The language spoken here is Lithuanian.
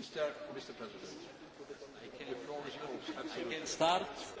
Mr. Mr. President, I can, the floor is yours. Absolutely. I can start.